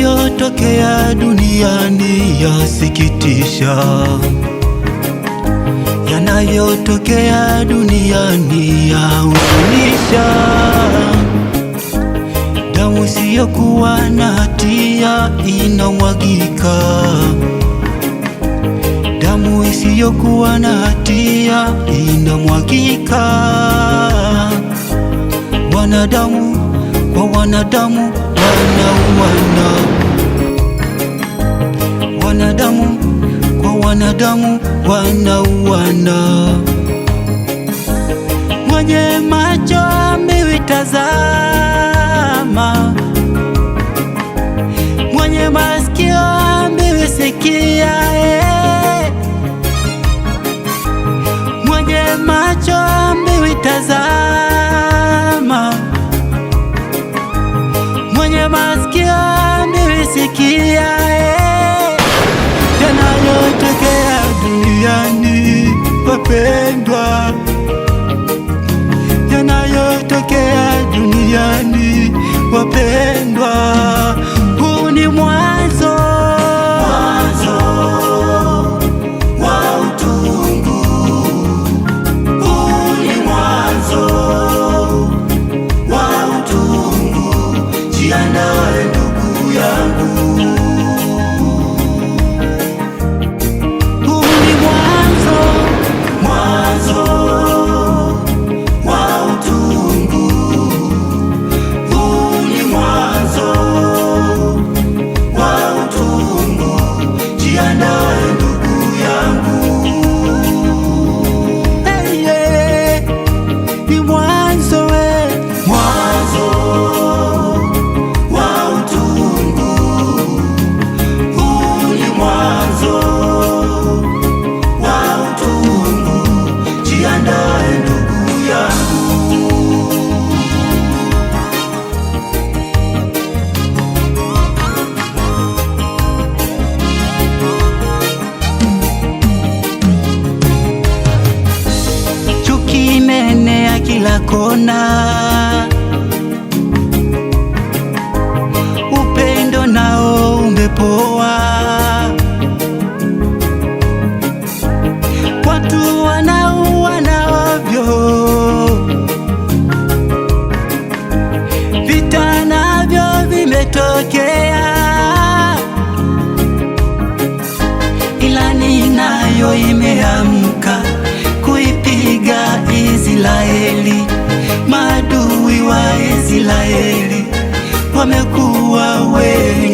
yanayotokea duniani yasikitisha, yanayotokea duniani yahuzunisha. Damu isiyokuwa na hatia inamwagika, damu isiyokuwa na hatia inamwagika, mwanadamu wa wanadamu wanauana, wanadamu kwa wanadamu wanauana, mwenye macho amewitazama, mwenye masikio amewisikia ¡Gracias! kila kona. kweli wamekuwa wengi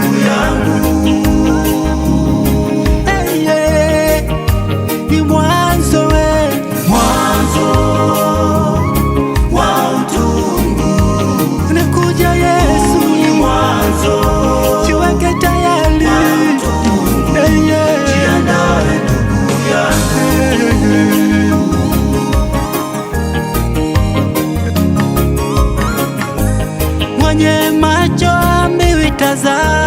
casar.